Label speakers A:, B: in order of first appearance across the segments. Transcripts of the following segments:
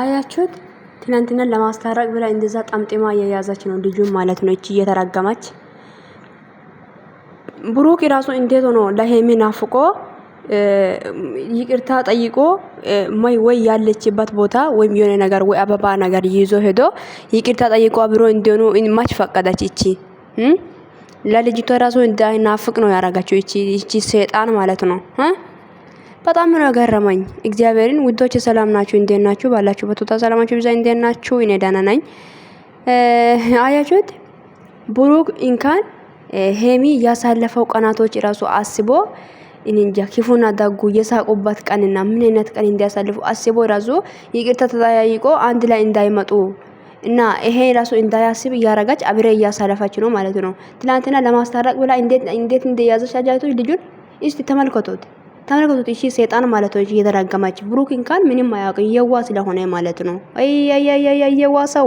A: አያችሁት? ትናንትና ለማስታረቅ ብላ እንደዛ ጣምጤማ እየያዘች ነው ልጁ ማለት ነው። እቺ እየተራገማች ብሩክ ራሱ እንዴት ሆኖ ለሄሚ ናፍቆ ይቅርታ ጠይቆ ማይ ወይ ያለችበት ቦታ ወይም የሆነ ነገር ወይ አበባ ነገር ይዞ ሄዶ ይቅርታ ጠይቆ አብሮ እንዲሆኑ ማች ፈቀደች እቺ ለልጅቷ ራሱ እንዳይናፍቅ ነው ያረጋቸው። እቺ ሰይጣን ማለት ነው። በጣም ነው ገረመኝ። እግዚአብሔርን ውዶች ሰላም ናችሁ? እንዴት ናችሁ? ባላችሁ በቶታ ሰላማችሁ ብዛ። እንዴት ናችሁ? እኔ ደህና ነኝ። አያችሁት ብሩክ እንኳን ሄሚ ያሳለፈው ቀናቶች ራሱ አስቦ እንጃ ክፉና ደጉ የሳቁበት ቀንና ምን አይነት ቀን እንዲያሳልፉ አስቦ ራሱ ይቅርታ ተጠያይቆ አንድ ላይ እንዳይመጡ እና ይሄ ራሱ እንዳያስብ እያረጋች አብሬ እያሳለፈች ነው ማለት ነው። ትላንትና ለማስታረቅ ብላ እንዴት እንደያዘች አጃጅቶች ልጁን እስቲ ተመልከቱት። ተመልከቱት። እሺ ሰይጣን ማለት ነው እየተራገማች ብሩክን ካል ምንም አያውቅም የዋ ስለሆነ ማለት ነው። አይ አይ አይ አይ የዋ ሰው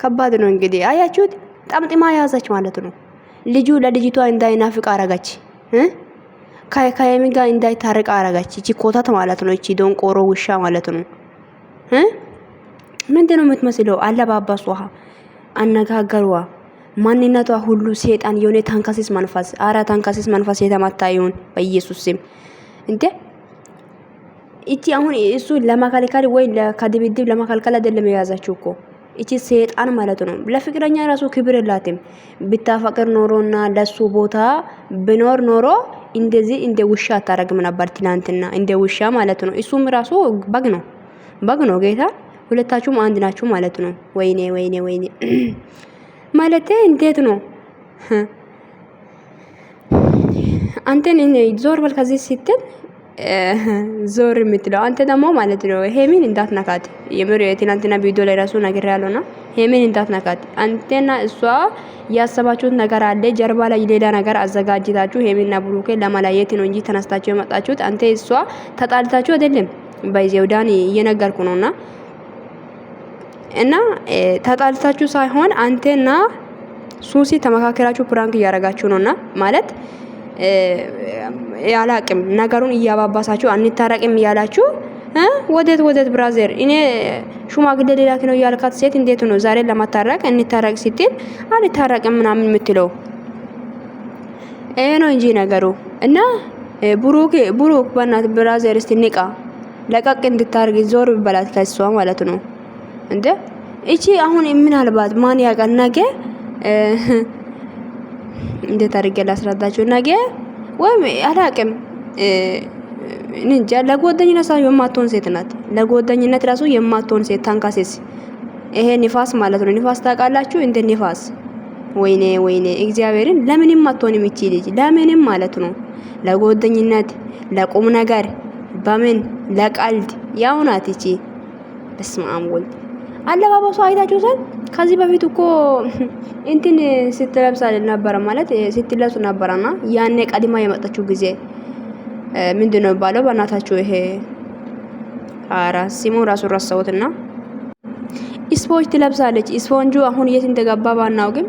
A: ከባድ ነው እንግዲህ አያችሁት። ጠምጥማ ያዛች ማለት ነው። ልጁ ለልጅቷ እንዳይናፍቅ አረጋች እ ከየሚ ጋር እንዳይታረቅ አረጋች። እቺ ኮታት ማለት ነው። እቺ ደንቆሮ ውሻ ማለት ነው እ ምንድን ነው የምትመስለው? አለባባሷ፣ አነጋገሯ፣ ማንነቷ ሁሉ ሴጣን የሆነ ታንካሲስ መንፈስ። አራ ታንካሲስ መንፈስ የተመታ ይሁን በኢየሱስ ስም። እንዴ እቺ አሁን እሱ ለማካልካል ወይ ከድብድብ ለማካልካል አይደለም የያዛችሁ እኮ እቺ ሰይጣን ማለት ነው። ለፍቅረኛ ራሱ ክብር የላትም። ብታፈቅር ኖሮና ለሱ ቦታ ብኖር ኖሮ እንደዚህ እንደ ውሻ አታረግም ነበር። ትናንትና እንደ ውሻ ማለት ነው። እሱም ራሱ በግ ነው፣ በግ ነው ጌታ። ሁለታችሁም አንድ ናችሁ ማለት ነው። ወይኔ ወይኔ ወይኔ ማለት እንዴት ነው? አንተን ዞር በል ከዚህ ስትል ዞር የምትለው አንተ ደግሞ ማለት ነው። ሄሚን እንዳትነካት የምር የትናንትና ቪዲዮ ላይ ራሱ ነገር ያለውና ሄሚን እንዳትነካት። አንተና እሷ ያሰባችሁት ነገር አለ ጀርባ ላይ ሌላ ነገር አዘጋጅታችሁ ሄሚንና ብሩኬ ለማላየት ነው እንጂ ተነስታችሁ የመጣችሁት አንተ እሷ ተጣልታችሁ አይደለም። በዚያው ዳኒ እየነገርኩ ነውና እና ተጣልታችሁ ሳይሆን አንተና ሱሲ ተመካከራችሁ ፕራንክ እያረጋችሁ ነውና ማለት ያላቅም ነገሩን እያባባሳችሁ አንታረቅም እያላችሁ ወደት ወደት ብራዘር እኔ ሹማግሌ ሌላክ ነው እያልካት ሴት እንዴት ነው ዛሬ ለማታረቅ እንታረቅ ስትል አንታረቅም ምናምን የምትለው? ይሄ ነው እንጂ ነገሩ እና ብሩክ ብሩክ በእናት ብራዘር እስቲ ንቃ፣ ለቀቅ እንድታርግ ዞር ብበላት ከሷ ማለት ነው እንዴ። እቺ አሁን ምናልባት ማን ያቀናገ እንዴት አድርጌ ላስረዳችሁ? ነገ ወይም አላቅም እንጃ። ለጓደኝነት ሳይሆን የማትሆን ሴት ናት። ለጎደኝነት ራሱ የማትሆን ሴት ታንካሴስ። ይሄ ንፋስ ማለት ነው። ንፋስ ታውቃላችሁ? እንደ ንፋስ ወይኔ ወይኔ፣ እግዚአብሔርን ለምንም አትሆን የሚቺ ልጅ ለምንም ማለት ነው። ለጎደኝነት፣ ለቁም ነገር በምን ለቀልድ ያውናት እቺ በስመ አብ ወልድ አለባበሱ አይታችሁታል። ከዚህ በፊት እኮ እንትን ስትለብስ ነበረ ማለት ስትለብሱ ነበረና ያኔ ቀድማ የመጣችው ጊዜ ምንድን ነው ባለው በእናታችሁ ይሄ አራ ሲሙ ራሱ ረሳሁትና ስፖንጅ ትለብሳለች። ስፖንጁ አሁን የት እንደገባ ባናውቅም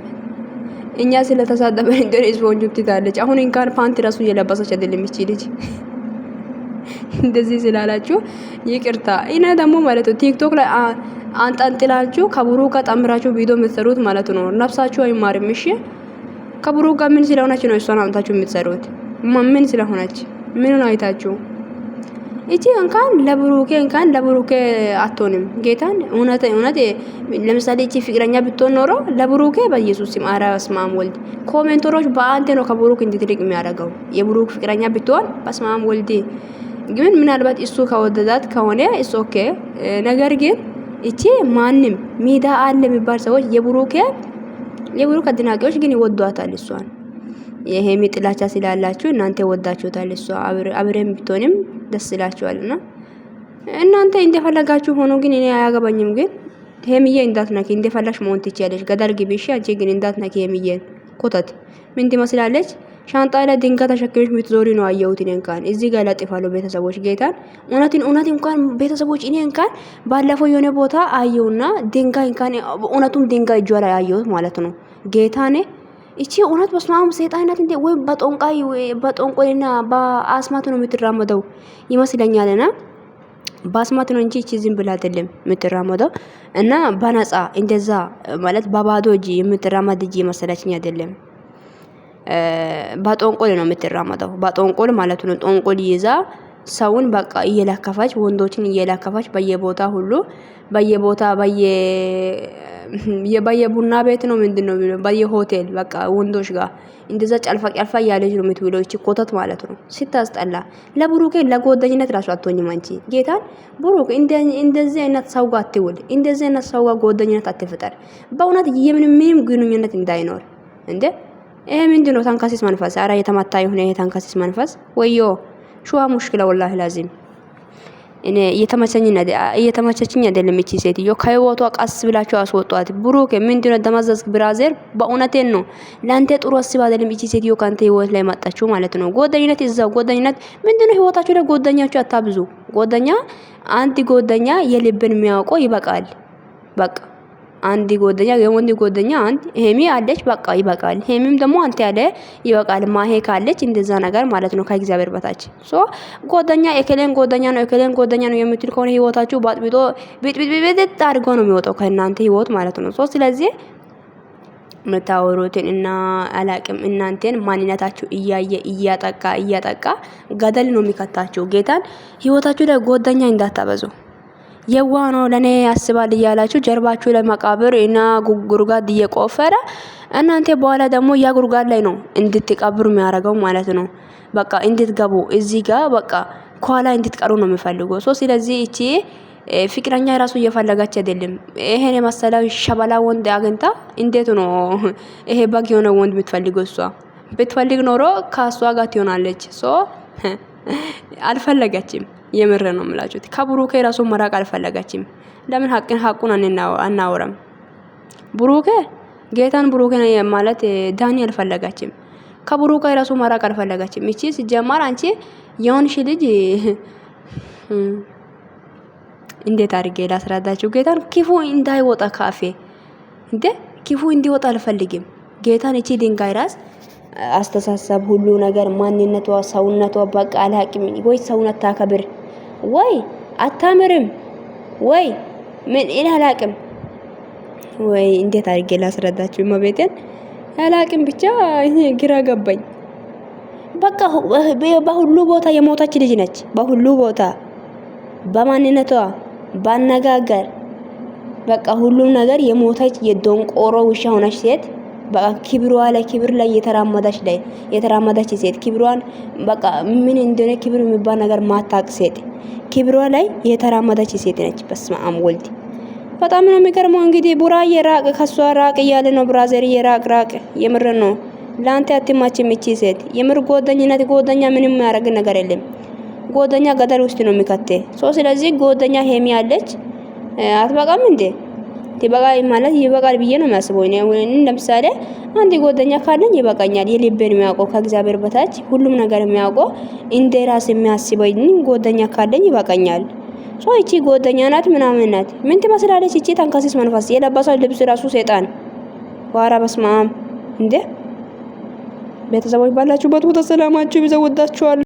A: እኛ ስለተሳደበ ነገር ስፖንጁ ትታለች። አሁን እንኳን ፓንት ራሱ እየለበሰች አይደለም ይቺ ልጅ። እንደዚህ ስላላችሁ ይቅርታ። ይነ ደግሞ ማለት ነው ቲክቶክ ላይ አንጠልጥላችሁ ከብሩ ጋር ጠምራችሁ ቪዲዮ የምትሰሩት ማለት ነው። ነፍሳችሁ አይማርም። እሺ ከብሩ ጋር ምን ስለሆነች ነው እሷን አምታችሁ የምትሰሩት? ምን ስለሆነች ምንን አይታችሁ እቺ እንኳን ለብሩኬ እንኳን ለብሩኬ አትሆንም። ጌታን እውነት እውነት ለምሳሌ እቺ ፍቅረኛ ብትሆን ኖሮ ለብሩኬ በኢየሱስ ስም አራ ስማም ወልድ ኮሜንተሮች በአንተ ነው ከብሩክ እንድትልቅ የሚያደርገው። የብሩክ ፍቅረኛ ብትሆን በስማም ወልድ ግን ምናልባት እሱ ከወደዳት ከሆነ እሱ ኦኬ። ነገር ግን እቺ ማንም ሜዳ አለ የሚባል ሰዎች የብሩኬ የብሩክ አድናቂዎች ግን ይወዷታል እሷን። ይሄ ሚጥላቻ ስላላችሁ እናንተ ወዳችሁታል። እሷ አብረን ብትሆንም ደስ ይላችኋልና እናንተ እንደፈለጋችሁ ሆኖ ግን እኔ አያገባኝም። ግን ሄምዬ እንዳትነኪ፣ እንደፈላሽ መሆን ትችያለሽ። ገደል ግቢ እሺ። አንቺ ግን እንዳትነኪ ሄምዬን ኮተት ምን ትመስላለች? ሻንጣ ላይ ድንጋ ተሸክመሽ ምትዞሪ ነው አየሁት። እኔ እንኳን እዚህ ጋር ለጥፋለሁ። ቤተሰቦች ጌታን እውነትን እውነት እንኳን ቤተሰቦች እኔ እንኳን ባለፈው የሆነ ቦታ አየሁና ድንጋይ እንኳን እውነቱም ድንጋይ እጇ ላይ አየሁት ማለት ነው ጌታኔ እቺ እውነት በስመ አብ ሰይጣናት እንዴ! ወይም በጦንቃይ በጦንቆይና በአስማት ነው የምትራመደው ይመስለኛልና በአስማት ነው እንጂ እቺ ዝም ብላ አይደለም የምትራመደው። እና በነፃ እንደዛ ማለት በባዶ እጅ የምትራመድ እጅ መሰለችኝ አይደለም። በጦንቆል ነው የምትራመደው። በጦንቆል ማለት ነው። ጦንቆል ይዛ ሰውን በቃ እየላከፋች ወንዶችን እየላከፋች በየቦታ ሁሉ በየቦታ በየ በየቡና ቤት ነው ምንድን ነው በየሆቴል በቃ ወንዶች ጋር እንደዛ ጨልፋ ጨልፋ እያለች ነው የምትውለው። እቺ ኮተት ማለት ነው። ስታስጠላ። ለብሩኬ ለጎደኝነት ራሱ አትሆኝም አንቺ ጌታን። ብሩክ እንደዚህ አይነት ሰው ጋር አትውል። እንደዚህ አይነት ሰው ጋር ጎደኝነት አትፍጠር። በእውነት የምንም ምንም ግንኙነት እንዳይኖር እንዴ ይህ ምንድን ነው? ታንካሲስ መንፈስ። አረ የተማታ የሆነ ይሄ ታንካሲስ መንፈስ ወዮ ሹዋ ሙሽኪላ ወላሂ ላዚም እኔ እየተመቸችኝ አይደለም። እቺ ሴትዮ ከህይወቷ ቀስ ብላቸው አስወጧት። ብሩክ ምንድን ነው ብራዘር በእውነቴን ነው ለአንተ ጥሩ አስብ አይደለም። እቺ ሴትዮ ከአንተ ህይወት ላይ መጣችው ማለት ነው። ጎደኝነት እዛው ጎደኝነት ምንድን ህይወታችሁ ላይ ጎደኛችሁ አታብዙ። ጎደኛ አንድ ጎደኛ የልብን የሚያውቀው ይበቃል። በቃ አንድ ጎደኛ የወንድ ጎደኛ አንድ ሄሚ አለች። በቃ ይበቃል። ሄሚም ደግሞ አንተ ያለ ይበቃል። ማሄ ካለች እንደዛ ነገር ማለት ነው ከእግዚአብሔር በታች ሶ ጎደኛ ኤከሌን ጎደኛ ነው ኤከሌን ጎደኛ ነው የምትል ከሆነ ህይወታችሁ ባጥብጦ ቢጥቢጥ አድርጎ ነው የሚወጣው ከእናንተ ህይወት ማለት ነው። ሶ ስለዚህ የምታወሩትን እና አላቅም እናንተን ማንነታችሁ እያየ እያጠቃ እያጠቃ ገደል ነው የሚከታችሁ። ጌታን ህይወታችሁ ላይ ጎደኛ እንዳታበዙ። የዋ ነው ለእኔ ያስባል እያላችሁ ጀርባችሁ ለመቃብር እና ጉርጓድ እየቆፈረ እናንተ በኋላ ደግሞ ያ ጉድጓድ ላይ ነው እንድትቀብሩ የሚያደርገው ማለት ነው። በቃ እንድትገቡ እዚህ ጋር በቃ ከኋላ እንድትቀሩ ነው የሚፈልጉ። ሶ ስለዚህ እቺ ፍቅረኛ የራሱ እየፈለጋች አይደለም። ይሄን የመሰለ ሸበላ ወንድ አግኝታ እንዴት ነው ይሄ በግ የሆነ ወንድ የምትፈልገው? እሷ ብትፈልግ ኖሮ ከእሷ ጋር ትሆናለች። ሶ አልፈለገችም። የምር ነው የምላችሁት። ከብሩኬ ራሱ መራቅ አልፈለገችም። ለምን ሀቅን ሀቁን አናወራም? ብሩኬ ጌታን ብሩኬ ማለት ዳኒ አልፈለገችም። ከብሩኬ ራሱ መራቅ አልፈለገችም። እቺ ሲጀማር አንቺ የሆንሽ ልጅ እንዴት አድርጌ ላስረዳችሁ? ጌታን ክፉ እንዳይወጣ ካፌ እንዴ ክፉ እንዲወጣ አልፈልግም። ጌታን እቺ ድንጋይ ራስ አስተሳሰብ ሁሉ ነገር ማንነቷ ሰውነቷ በቃ አላቅም ወይ ሰውነት ታከብር ወይ አታምርም ወይ ምን እኔ አላቅም ወይ እንዴት አድርጌ ላስረዳችሁ? እመቤቴን አላቅም ብቻ ግራ ገባኝ። በቃ በሁሉ ቦታ የሞተች ልጅ ነች። በሁሉ ቦታ በማንነቷ ባነጋገር፣ በቃ ሁሉም ነገር የሞተች የደንቆሮ ውሻ ሆነች ሴት በቃ ክብሯ ላይ ክብር ላይ የተራመደች ላይ የተራመደች ሴት ክብሯን በቃ ምን እንደሆነ ክብር የሚባል ነገር ማታቅ ሴት ክብሯ ላይ የተራመደች ሴት ነች። በስመ አብ ወልድ በጣም ነው የሚገርመው። እንግዲህ ቡራ የራቅ ከሷ ራቅ እያለ ነው ብራዘር የራቅ ራቅ የምር ነው ለአንተ አትማች የምቺ ሴት የምር ጎደኝነት ጎደኛ ምንም ያደርግ ነገር የለም። ጎደኛ ገደል ውስጥ ነው የሚከቴ ሶ ስለዚህ ጎደኛ ሄሚ ያለች አትበቃም እንዴ? ይበቃል ማለት ይበቃል ብዬ ነው የማስበው። እኔ ለምሳሌ አንድ ጓደኛ ካለኝ ይበቃኛል። የልቤን የሚያውቀው ከእግዚአብሔር በታች ሁሉም ነገር የሚያውቀው እንደ ራስ የሚያስበኝ ጓደኛ ካለኝ ይበቃኛል። ሰው እቺ ጓደኛ ናት ምናምን ናት። ምን ትመስላለች እቺ ተንከሲስ መንፈስ የለበሰው ልብስ ራሱ ሰይጣን። ዋራ በስማም እንዴ! ቤተሰቦች ባላችሁበት ቦታ ሰላማችሁ ይብዛ። ወዳችኋለሁ።